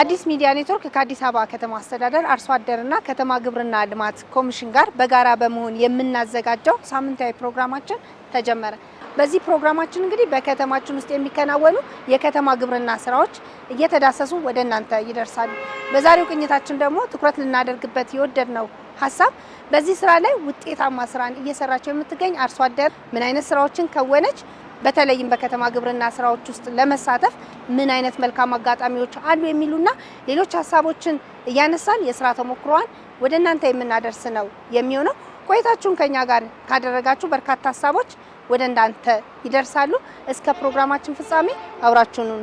አዲስ ሚዲያ ኔትወርክ ከአዲስ አበባ ከተማ አስተዳደር አርሶ አደርና ከተማ ግብርና ልማት ኮሚሽን ጋር በጋራ በመሆን የምናዘጋጀው ሳምንታዊ ፕሮግራማችን ተጀመረ። በዚህ ፕሮግራማችን እንግዲህ በከተማችን ውስጥ የሚከናወኑ የከተማ ግብርና ስራዎች እየተዳሰሱ ወደ እናንተ ይደርሳሉ። በዛሬው ቅኝታችን ደግሞ ትኩረት ልናደርግበት የወደድነው ሀሳብ በዚህ ስራ ላይ ውጤታማ ስራን እየሰራቸው የምትገኝ አርሶ አደር ምን አይነት ስራዎችን ከወነች በተለይም በከተማ ግብርና ስራዎች ውስጥ ለመሳተፍ ምን አይነት መልካም አጋጣሚዎች አሉ የሚሉና ሌሎች ሀሳቦችን እያነሳን የስራ ተሞክሮዋን ወደ እናንተ የምናደርስ ነው የሚሆነው። ቆይታችሁን ከኛ ጋር ካደረጋችሁ በርካታ ሀሳቦች ወደ እናንተ ይደርሳሉ። እስከ ፕሮግራማችን ፍጻሜ አብራችሁኑን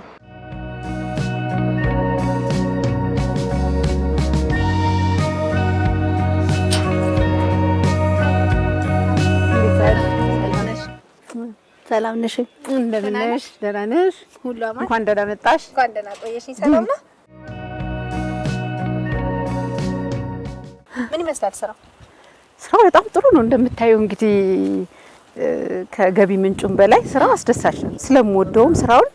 ሰላም ነሽ? እንደምን ነሽ? ደህና ነሽ? ሁሉ አማን። እንኳን ደህና መጣሽ። እንኳን ደህና ቆየሽኝ። ሰላም ነው። ምን ይመስላል ስራው? ስራው በጣም ጥሩ ነው። እንደምታየው እንግዲህ ከገቢ ምንጩም በላይ ስራው አስደሳች ነው። ስለምወደውም ስራውን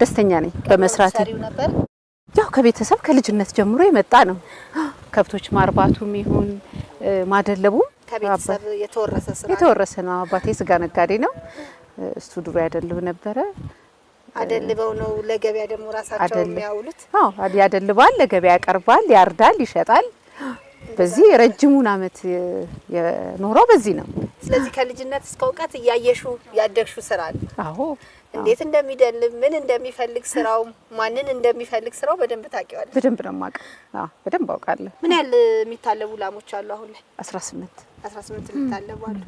ደስተኛ ነኝ በመስራት ያው ከቤተሰብ ከልጅነት ጀምሮ የመጣ ነው። ከብቶች ማርባቱም ይሁን ማደለቡም ከቤተሰብ የተወረሰ ስራ የተወረሰ ነው። አባቴ ስጋ ነጋዴ ነው። እሱ ድሮ ያደልብ ነበረ። አደልበው ነው ለገበያ ደግሞ ራሳቸው የሚያውሉት። ያደልባል፣ ለገበያ ያቀርባል፣ ያርዳል፣ ይሸጣል። በዚህ ረጅሙን አመት የኖረው በዚህ ነው። ስለዚህ ከልጅነት እስከ እውቀት እያየሹ ያደግሹ ስራ አለ። አዎ እንዴት እንደሚደልብ ምን እንደሚፈልግ ስራው ማንን እንደሚፈልግ ስራው በደንብ ታውቂዋለሽ? በደንብ ነው የማውቅ። አዎ በደንብ አውቃለሁ። ምን ያህል የሚታለቡ ላሞች አሉ አሁን ላይ? 18 18 የሚታለቡ አሉ።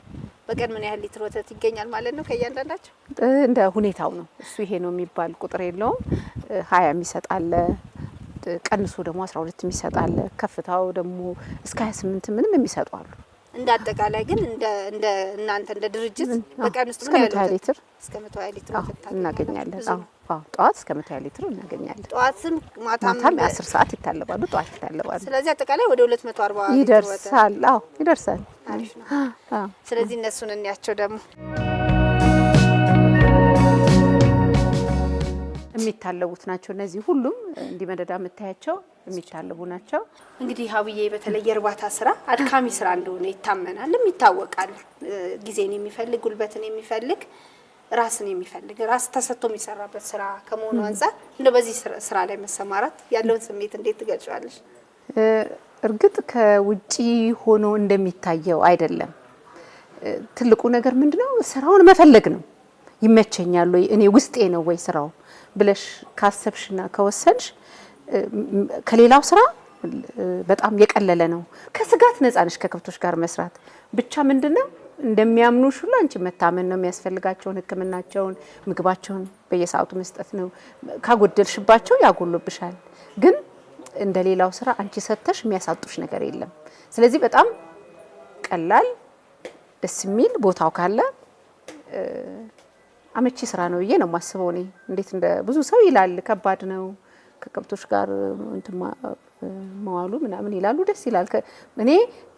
በቀን ምን ያህል ሊትር ወተት ይገኛል ማለት ነው ከእያንዳንዳቸው? እንደ ሁኔታው ነው እሱ። ይሄ ነው የሚባል ቁጥር የለውም። ሀያ የሚሰጣለ ቀንሶ ደግሞ 12 የሚሰጣለ ከፍታው ደግሞ እስከ 28 ምንም የሚሰጡ አሉ። እንደ አጠቃላይ ግን እንደ እናንተ እንደ ድርጅት በቀን ውስጥ እስከ መቶ ሊትር እስከ 120 ሀያ ሊትር እናገኛለን። ጠዋት እስከ 120 ሊትር እናገኛለን። ጠዋትም ማታም 10 ሰዓት ይታለባሉ፣ ጠዋት ይታለባሉ። ስለዚህ አጠቃላይ ወደ 240 ሊትር ይደርሳል። አዎ ይደርሳል። አዎ ስለዚህ እነሱን እንያቸው ደግሞ የሚታለቡት ናቸው። እነዚህ ሁሉም እንዲመደዳ የምታያቸው የሚታልቡ ናቸው። እንግዲህ ሀብዬ በተለይ የእርባታ ስራ አድካሚ ስራ እንደሆነ ይታመናልም ይታወቃል። ጊዜን የሚፈልግ ጉልበትን የሚፈልግ ራስን የሚፈልግ ራስ ተሰጥቶ የሚሰራበት ስራ ከመሆኑ አንጻር እንደ በዚህ ስራ ላይ መሰማራት ያለውን ስሜት እንዴት ትገልጫዋለሽ? እርግጥ ከውጪ ሆኖ እንደሚታየው አይደለም። ትልቁ ነገር ምንድነው? ስራውን መፈለግ ነው። ይመቸኛል ወይ እኔ ውስጤ ነው ወይ ስራው ብለሽ ካሰብሽና ከወሰንሽ ከሌላው ስራ በጣም የቀለለ ነው። ከስጋት ነጻ ነሽ። ከከብቶች ጋር መስራት ብቻ ምንድነው እንደሚያምኑሽ ሁሉ አንቺ መታመን ነው የሚያስፈልጋቸውን፣ ሕክምናቸውን፣ ምግባቸውን በየሰዓቱ መስጠት ነው። ካጎደልሽባቸው ያጎሉብሻል። ግን እንደ ሌላው ስራ አንቺ ሰተሽ የሚያሳጡሽ ነገር የለም። ስለዚህ በጣም ቀላል ደስ የሚል ቦታው ካለ አመቺ ስራ ነው ብዬ ነው የማስበው እኔ። እንዴት እንደ ብዙ ሰው ይላል ከባድ ነው ከከብቶች ጋር መዋሉ ምናምን ይላሉ። ደስ ይላል። እኔ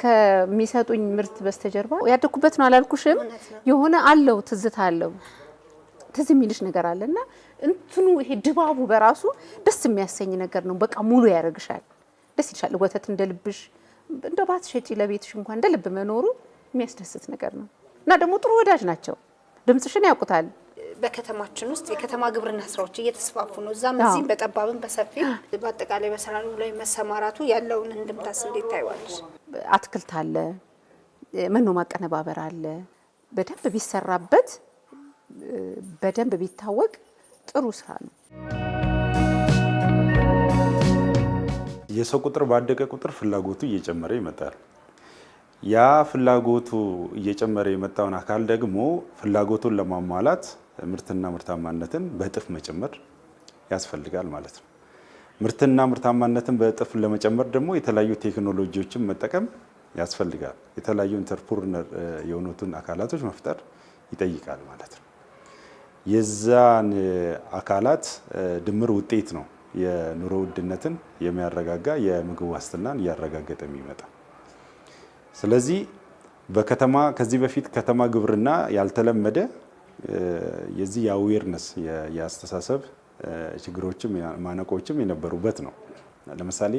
ከሚሰጡኝ ምርት በስተጀርባ ያደኩበት ነው አላልኩሽም? የሆነ አለው ትዝታ አለው ትዝ የሚልሽ ነገር አለ እና እንትኑ ይሄ ድባቡ በራሱ ደስ የሚያሰኝ ነገር ነው። በቃ ሙሉ ያደርግሻል፣ ደስ ይልሻል። ወተት እንደ ልብሽ እንደ ባት ሸጪ ለቤትሽ እንኳን እንደ ልብ መኖሩ የሚያስደስት ነገር ነው እና ደግሞ ጥሩ ወዳጅ ናቸው። ድምፅሽን ያውቁታል። በከተማችን ውስጥ የከተማ ግብርና ስራዎች እየተስፋፉ ነው። እዛም እዚህም በጠባብም በሰፊ በአጠቃላይ በስራ ላይ መሰማራቱ ያለውን እንድምታስ እንዴት ታይዋለች? አትክልት አለ፣ መኖ ማቀነባበር አለ። በደንብ ቢሰራበት በደንብ ቢታወቅ ጥሩ ስራ ነው። የሰው ቁጥር ባደገ ቁጥር ፍላጎቱ እየጨመረ ይመጣል። ያ ፍላጎቱ እየጨመረ የመጣውን አካል ደግሞ ፍላጎቱን ለማሟላት ምርትና ምርታማነትን በእጥፍ መጨመር ያስፈልጋል ማለት ነው። ምርትና ምርታማነትን በእጥፍ ለመጨመር ደግሞ የተለያዩ ቴክኖሎጂዎችን መጠቀም ያስፈልጋል። የተለያዩ ኢንተርፕርነር የሆኑትን አካላቶች መፍጠር ይጠይቃል ማለት ነው። የዛን አካላት ድምር ውጤት ነው የኑሮ ውድነትን የሚያረጋጋ የምግብ ዋስትናን እያረጋገጠ የሚመጣ። ስለዚህ በከተማ ከዚህ በፊት ከተማ ግብርና ያልተለመደ የዚህ የአዌርነስ የአስተሳሰብ ችግሮችም ማነቆችም የነበሩበት ነው። ለምሳሌ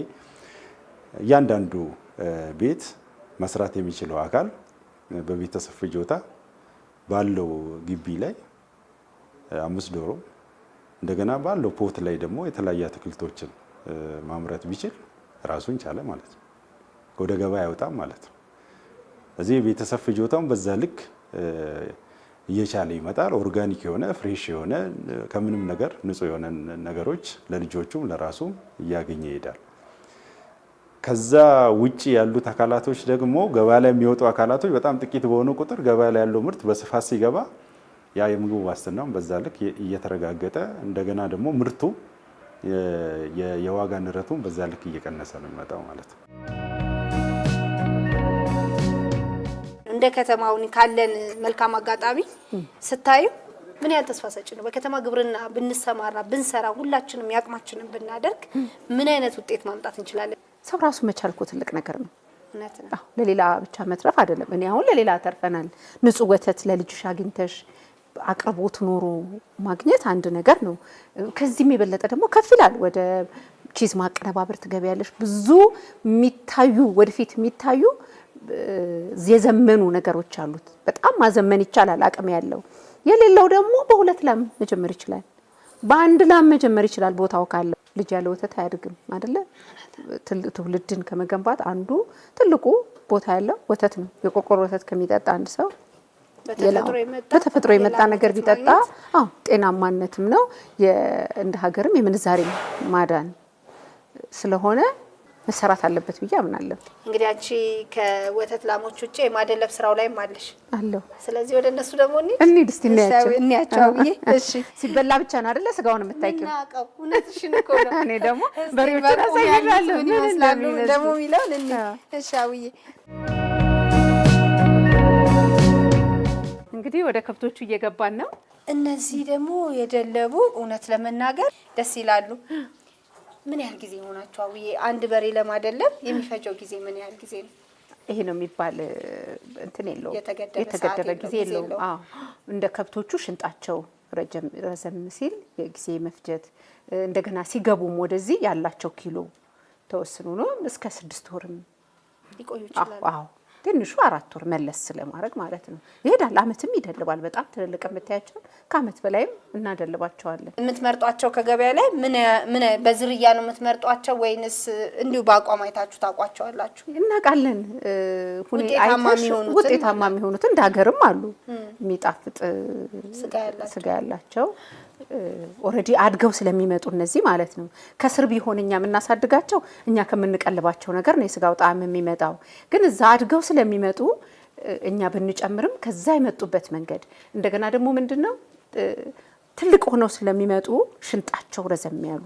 እያንዳንዱ ቤት መስራት የሚችለው አካል በቤተሰብ ፍጆታ ባለው ግቢ ላይ አምስት ዶሮ እንደገና ባለው ፖት ላይ ደግሞ የተለያዩ አትክልቶችን ማምረት ቢችል ራሱን ቻለ ማለት ነው። ወደ ገበያ አይወጣም ማለት ነው። እዚህ የቤተሰብ ፍጆታውን በዛ ልክ እየቻለ ይመጣል። ኦርጋኒክ የሆነ ፍሬሽ የሆነ ከምንም ነገር ንጹህ የሆነ ነገሮች ለልጆቹም ለራሱም እያገኘ ይሄዳል። ከዛ ውጭ ያሉት አካላቶች ደግሞ ገበያ ላይ የሚወጡ አካላቶች በጣም ጥቂት በሆኑ ቁጥር ገበያ ላይ ያለው ምርት በስፋት ሲገባ ያ የምግብ ዋስትናውን በዛ ልክ እየተረጋገጠ እንደገና ደግሞ ምርቱ የዋጋ ንረቱን በዛ ልክ እየቀነሰ ነው የሚመጣው ማለት ነው። እንደ ከተማውን ካለን መልካም አጋጣሚ ስታዩ ምን ያህል ተስፋ ሰጭ ነው? በከተማ ግብርና ብንሰማራ ብንሰራ፣ ሁላችንም ያቅማችንን ብናደርግ ምን አይነት ውጤት ማምጣት እንችላለን? ሰው ራሱ መቻል እኮ ትልቅ ነገር ነው። ለሌላ ብቻ መትረፍ አይደለም። እኔ አሁን ለሌላ ተርፈናል። ንጹህ ወተት ለልጅሽ አግኝተሽ አቅርቦት ኖሮ ማግኘት አንድ ነገር ነው። ከዚህም የበለጠ ደግሞ ከፍ ይላል። ወደ ቺዝ ማቀነባበር ትገቢያለሽ። ብዙ የሚታዩ ወደፊት የሚታዩ የዘመኑ ነገሮች አሉት። በጣም ማዘመን ይቻላል አቅም ያለው። የሌለው ደግሞ በሁለት ላም መጀመር ይችላል፣ በአንድ ላም መጀመር ይችላል ቦታው ካለው። ልጅ ያለ ወተት አያድግም አደለ? ትውልድን ከመገንባት አንዱ ትልቁ ቦታ ያለው ወተት ነው። የቆርቆሮ ወተት ከሚጠጣ አንድ ሰው በተፈጥሮ የመጣ ነገር ቢጠጣ ጤናማነትም ነው እንደ ሀገርም የምንዛሬ ማዳን ስለሆነ መሰራት አለበት ብዬ አምናለሁ። እንግዲህ አንቺ ከወተት ላሞች ውጭ የማደለብ ስራው ላይም አለሽ አለሁ። ስለዚህ ወደ እነሱ ደግሞ እንሂድ እስኪ እንያቸው እሺ፣ ሲበላ ብቻ ነው አደለ ስጋውን የምታውቂው? እኔ ደግሞ በሬዎችን አሳይሻለሁ ይመስላሉ ደግሞ የሚለውን እኔ እሺ አውዬ እንግዲህ ወደ ከብቶቹ እየገባን ነው። እነዚህ ደግሞ የደለቡ እውነት ለመናገር ደስ ይላሉ። ምን ያህል ጊዜ ሆናችሁ? አውዬ አንድ በሬ ለማደለብ የሚፈጀው ጊዜ ምን ያህል ጊዜ ነው? ይሄ ነው የሚባል እንትን የለው፣ የተገደበ ጊዜ የለው። እንደ ከብቶቹ ሽንጣቸው ረዘም ሲል የጊዜ መፍጀት እንደገና ሲገቡም ወደዚህ ያላቸው ኪሎ ተወስኑ ነው። እስከ ስድስት ወርም ሊቆዩ ይችላሉ። ትንሹ አራት ወር መለስ ስለማድረግ ማለት ነው። ይሄዳል። አመትም ይደልባል። በጣም ትልልቅ የምታያቸው ከአመት በላይም እናደልባቸዋለን። የምትመርጧቸው ከገበያ ላይ ምን በዝርያ ነው የምትመርጧቸው ወይንስ እንዲሁ በአቋም አይታችሁ ታውቋቸዋላችሁ? እናውቃለን። ውጤታማ የሚሆኑት እንደ ሀገርም አሉ የሚጣፍጥ ስጋ ያላቸው ኦልሬዲ አድገው ስለሚመጡ እነዚህ ማለት ነው። ከስር ቢሆን እኛ የምናሳድጋቸው እኛ ከምንቀልባቸው ነገር ነው የስጋው ጣዕም የሚመጣው። ግን እዛ አድገው ስለሚመጡ እኛ ብንጨምርም ከዛ የመጡበት መንገድ እንደገና ደግሞ ምንድን ነው ትልቅ ሆነው ስለሚመጡ ሽንጣቸው ረዘም ያሉ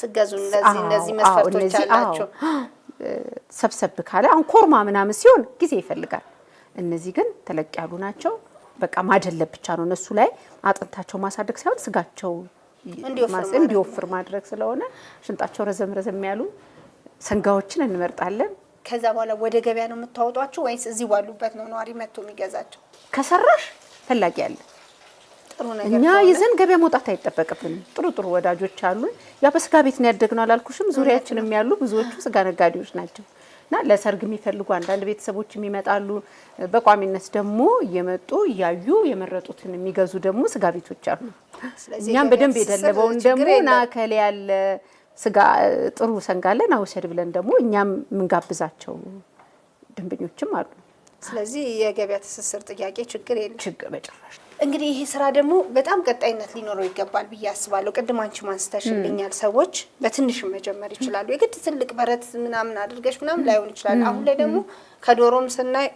ስገዙ እነዚህ መስፈርቶች አላቸው። ሰብሰብ ካለ አሁን ኮርማ ምናምን ሲሆን ጊዜ ይፈልጋል። እነዚህ ግን ተለቅ ያሉ ናቸው። በቃ ማደለብ ብቻ ነው። እነሱ ላይ አጥንታቸው ማሳደግ ሳይሆን ስጋቸው እንዲወፍር ማድረግ ስለሆነ ሽንጣቸው ረዘም ረዘም ያሉ ሰንጋዎችን እንመርጣለን። ከዛ በኋላ ወደ ገበያ ነው የምታወጧቸው ወይስ እዚህ ባሉበት ነው ነዋሪ መጥቶ የሚገዛቸው? ከሰራሽ ፈላጊ አለ። እኛ ይዘን ገበያ መውጣት አይጠበቅብንም። ጥሩ ጥሩ ወዳጆች አሉን። ያ በስጋ ቤት ነው ያደግነው አላልኩሽም? ዙሪያችንም ያሉ ብዙዎቹ ስጋ ነጋዴዎች ናቸው። እና ለሰርግ የሚፈልጉ አንዳንድ ቤተሰቦች የሚመጣሉ። በቋሚነት ደግሞ እየመጡ እያዩ የመረጡትን የሚገዙ ደግሞ ስጋ ቤቶች አሉ። እኛም በደንብ የደለበውን ደግሞ ና ከሌ ያለ ስጋ ጥሩ ሰንጋለን አውሰድ ብለን ደግሞ እኛም የምንጋብዛቸው ደንበኞችም አሉ። ስለዚህ የገበያ ትስስር ጥያቄ ችግር የለም ችግር በጭራሽ እንግዲህ ይሄ ስራ ደግሞ በጣም ቀጣይነት ሊኖረው ይገባል ብዬ አስባለሁ። ቅድም አንቺ ማንስተሽልኛል፣ ሰዎች በትንሽ መጀመር ይችላሉ። የግድ ትልቅ በረት ምናምን አድርገሽ ምናምን ላይሆን ይችላል። አሁን ላይ ደግሞ ከዶሮም ስናይ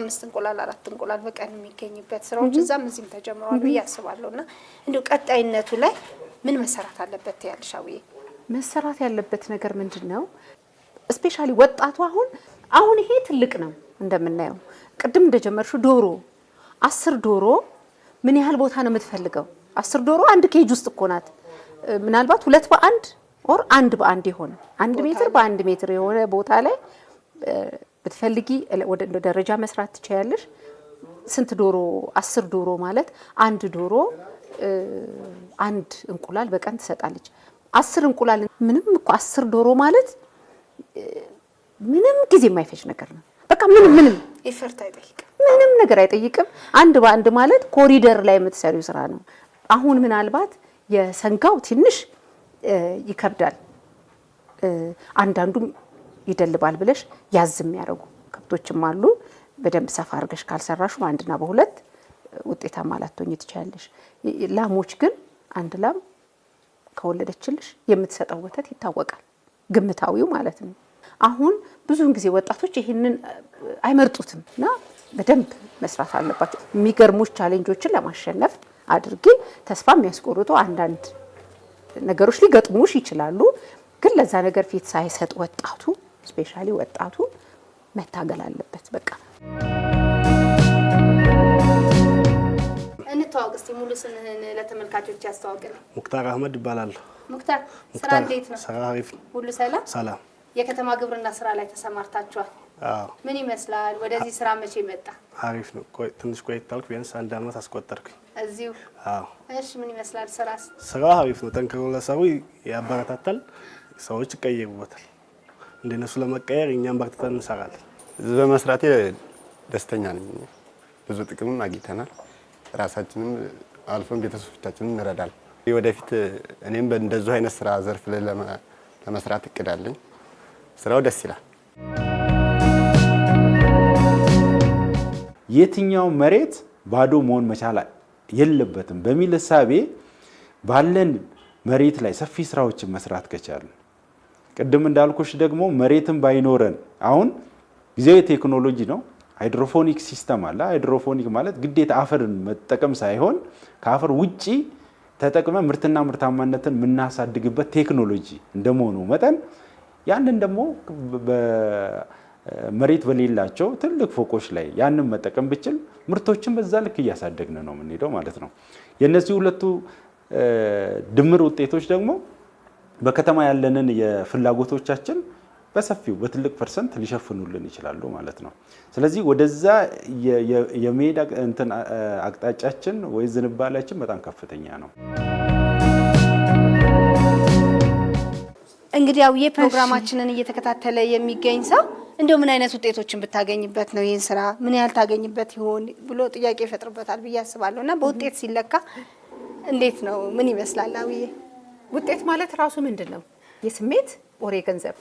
አምስት እንቁላል አራት እንቁላል በቀን የሚገኝበት ስራዎች እዛም እዚህም ተጀምረዋል ብዬ አስባለሁ። እና እንዲሁ ቀጣይነቱ ላይ ምን መሰራት አለበት ያልሽ መሰራት ያለበት ነገር ምንድን ነው? እስፔሻሊ ወጣቱ አሁን አሁን ይሄ ትልቅ ነው እንደምናየው፣ ቅድም እንደጀመርሽው ዶሮ አስር ዶሮ ምን ያህል ቦታ ነው የምትፈልገው? አስር ዶሮ አንድ ኬጅ ውስጥ እኮ ናት። ምናልባት ሁለት በአንድ ኦር አንድ በአንድ የሆነ አንድ ሜትር በአንድ ሜትር የሆነ ቦታ ላይ ብትፈልጊ ወደ ደረጃ መስራት ትችያለሽ። ስንት ዶሮ? አስር ዶሮ ማለት አንድ ዶሮ አንድ እንቁላል በቀን ትሰጣለች። አስር እንቁላል ምንም እኮ አስር ዶሮ ማለት ምንም ጊዜ የማይፈጅ ነገር ነው። በቃ ምንም ምንም ይፈርት አይጠይቅም፣ ምንም ነገር አይጠይቅም። አንድ በአንድ ማለት ኮሪደር ላይ የምትሰሪው ስራ ነው። አሁን ምናልባት የሰንጋው ትንሽ ይከብዳል፣ አንዳንዱም ይደልባል ብለሽ ያዝ የሚያደርጉ ከብቶችም አሉ። በደንብ ሰፋ አድርገሽ ካልሰራሹ አንድና በሁለት ውጤታማ ላትሆኚ ትችያለሽ። ላሞች ግን አንድ ላም ከወለደችልሽ የምትሰጠው ወተት ይታወቃል፣ ግምታዊው ማለት ነው። አሁን ብዙውን ጊዜ ወጣቶች ይህንን አይመርጡትም እና በደንብ መስራት አለባቸው። የሚገርሙ ቻሌንጆችን ለማሸነፍ አድርጌ ተስፋ የሚያስቆርጡ አንዳንድ ነገሮች ሊገጥሙሽ ይችላሉ። ግን ለዛ ነገር ፊት ሳይሰጥ ወጣቱ ስፔሻሊ ወጣቱ መታገል አለበት። በቃ እንተዋወቅ እስቲ ሙሉ ስምህን ለተመልካቾች ያስተዋውቅ። ሙክታር አህመድ ይባላለሁ። ሙክታር ስራ እንዴት ነው? ስራ አሪፍ ነው። ሁሉ ሰላም ሰላም የከተማ ግብርና ስራ ላይ ተሰማርታችኋል። ምን ይመስላል? ወደዚህ ስራ መቼ መጣ? አሪፍ ነው። ትንሽ ቆየት ታልኩ፣ ቢያንስ አንድ አመት አስቆጠርኩኝ እዚሁ። እሺ፣ ምን ይመስላል ስራ? ስራ አሪፍ ነው። ጠንክሮ ለሰሩ ያበረታታል፣ ሰዎች ይቀየሩበታል። እንደነሱ ለመቀየር እኛም በርትተን እንሰራለን። በመስራቴ ደስተኛ ነኝ። ብዙ ጥቅምም አግኝተናል። ራሳችንም አልፎን ቤተሰቦቻችንም እንረዳል። ወደፊት እኔም በእንደዚሁ አይነት ስራ ዘርፍ ላይ ለመስራት እቅዳለኝ። ስራው ደስ ይላል። የትኛው መሬት ባዶ መሆን መቻል የለበትም በሚል እሳቤ ባለን መሬት ላይ ሰፊ ስራዎችን መስራት ከቻልን ቅድም እንዳልኩሽ ደግሞ መሬትን ባይኖረን አሁን ጊዜው የቴክኖሎጂ ነው። ሃይድሮፎኒክ ሲስተም አለ። ሃይድሮፎኒክ ማለት ግዴታ አፈርን መጠቀም ሳይሆን ከአፈር ውጪ ተጠቅመ ምርትና ምርታማነትን የምናሳድግበት ቴክኖሎጂ እንደመሆኑ መጠን ያንን ደግሞ መሬት በሌላቸው ትልቅ ፎቆች ላይ ያንን መጠቀም ብችል ምርቶችን በዛ ልክ እያሳደግን ነው የምንሄደው ማለት ነው። የእነዚህ ሁለቱ ድምር ውጤቶች ደግሞ በከተማ ያለንን የፍላጎቶቻችን በሰፊው በትልቅ ፐርሰንት ሊሸፍኑልን ይችላሉ ማለት ነው። ስለዚህ ወደዛ የመሄድ አቅጣጫችን ወይ ዝንባላችን በጣም ከፍተኛ ነው። እንግዲህ ያው የፕሮግራማችንን እየተከታተለ የሚገኝ ሰው እንደው ምን አይነት ውጤቶችን ብታገኝበት ነው ይህን ስራ ምን ያህል ታገኝበት ይሆን ብሎ ጥያቄ ይፈጥርበታል ብዬ አስባለሁ። እና በውጤት ሲለካ እንዴት ነው? ምን ይመስላል? አውዬ ውጤት ማለት ራሱ ምንድን ነው? የስሜት ወሬ ገንዘብ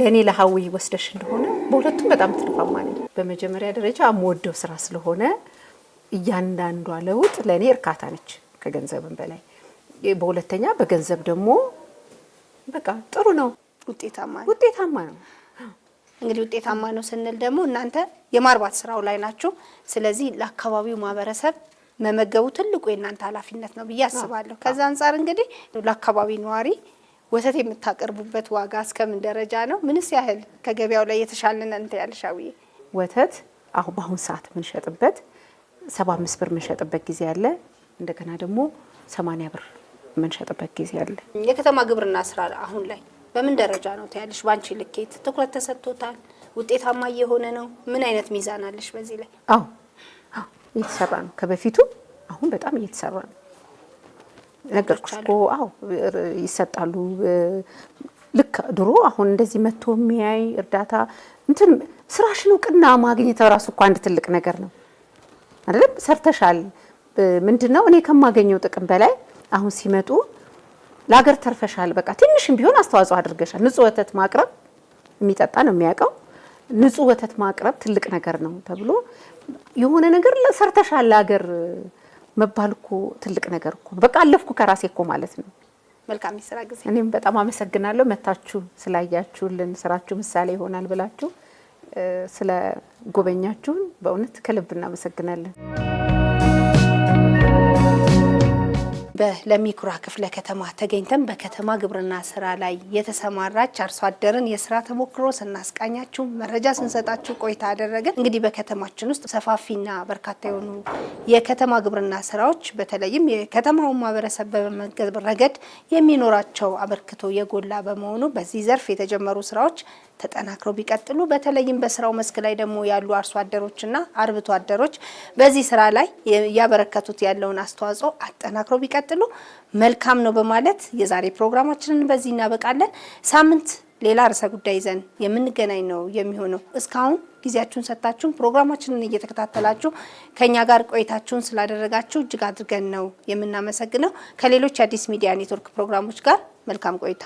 ለእኔ ለሀዊ ወስደሽ እንደሆነ በሁለቱም በጣም ትርፋማ ነኝ። በመጀመሪያ ደረጃ የምወደው ስራ ስለሆነ እያንዳንዷ ለውጥ ለእኔ እርካታ ነች ከገንዘብም በላይ። በሁለተኛ በገንዘብ ደግሞ በቃ ጥሩ ነው። ውጤታማ ነው። ውጤታማ ነው። እንግዲህ ውጤታማ ነው ስንል ደግሞ እናንተ የማርባት ስራው ላይ ናችሁ። ስለዚህ ለአካባቢው ማህበረሰብ መመገቡ ትልቁ የእናንተ ኃላፊነት ነው ብዬ አስባለሁ። ከዛ አንጻር እንግዲህ ለአካባቢ ነዋሪ ወተት የምታቀርቡበት ዋጋ እስከምን ደረጃ ነው? ምንስ ያህል ከገበያው ላይ የተሻለ እንትን ያለሽ ወተት አሁን በአሁን ሰዓት የምንሸጥበት ሰባ አምስት ብር የምንሸጥበት ጊዜ አለ። እንደገና ደግሞ ሰማኒያ ብር የምንሸጥበት ጊዜ አለ። የከተማ ግብርና ስራ አሁን ላይ በምን ደረጃ ነው ታያለሽ? በአንቺ ልኬት ትኩረት ተሰጥቶታል? ውጤታማ እየሆነ ነው? ምን አይነት ሚዛን አለሽ በዚህ ላይ? አዎ እየተሰራ ነው። ከበፊቱ አሁን በጣም እየተሰራ ነው። ነገርኩሽ እኮ አዎ፣ ይሰጣሉ ልክ ድሮ። አሁን እንደዚህ መጥቶ የሚያይ እርዳታ እንትን ስራሽን እውቅና ማግኘት ራሱ እኮ አንድ ትልቅ ነገር ነው አይደለም? ሰርተሻል ምንድን ነው እኔ ከማገኘው ጥቅም በላይ አሁን ሲመጡ ለሀገር ተርፈሻል፣ በቃ ትንሽም ቢሆን አስተዋጽኦ አድርገሻል። ንጹህ ወተት ማቅረብ የሚጠጣ ነው የሚያውቀው። ንጹህ ወተት ማቅረብ ትልቅ ነገር ነው ተብሎ የሆነ ነገር ሰርተሻል ለሀገር መባል እኮ ትልቅ ነገር እኮ በቃ አለፍኩ ከራሴ እኮ ማለት ነው። መልካም የስራ ጊዜ። እኔም በጣም አመሰግናለሁ መታችሁ ስላያችሁልን፣ ስራችሁ ምሳሌ ይሆናል ብላችሁ ስለ ጎበኛችሁን በእውነት ከልብ እናመሰግናለን። ለሚኩራ ክፍለ ከተማ ተገኝተን በከተማ ግብርና ስራ ላይ የተሰማራች አርሶ አደርን የስራ ተሞክሮ ስናስቃኛችሁ መረጃ ስንሰጣችሁ ቆይታ አደረግን። እንግዲህ በከተማችን ውስጥ ሰፋፊና በርካታ የሆኑ የከተማ ግብርና ስራዎች በተለይም የከተማውን ማህበረሰብ በመመገብ ረገድ የሚኖራቸው አበርክቶ የጎላ በመሆኑ በዚህ ዘርፍ የተጀመሩ ስራዎች ተጠናክረው ቢቀጥሉ በተለይም በስራው መስክ ላይ ደግሞ ያሉ አርሶ አደሮችና አርብቶ አደሮች በዚህ ስራ ላይ እያበረከቱት ያለውን አስተዋጽኦ አጠናክረው ቢቀጥሉ መልካም ነው በማለት የዛሬ ፕሮግራማችንን በዚህ እናበቃለን። ሳምንት ሌላ ርዕሰ ጉዳይ ይዘን የምንገናኝ ነው የሚሆነው። እስካሁን ጊዜያችሁን ሰጥታችሁን ፕሮግራማችንን እየተከታተላችሁ ከኛ ጋር ቆይታችሁን ስላደረጋችሁ እጅግ አድርገን ነው የምናመሰግነው። ከሌሎች የአዲስ ሚዲያ ኔትወርክ ፕሮግራሞች ጋር መልካም ቆይታ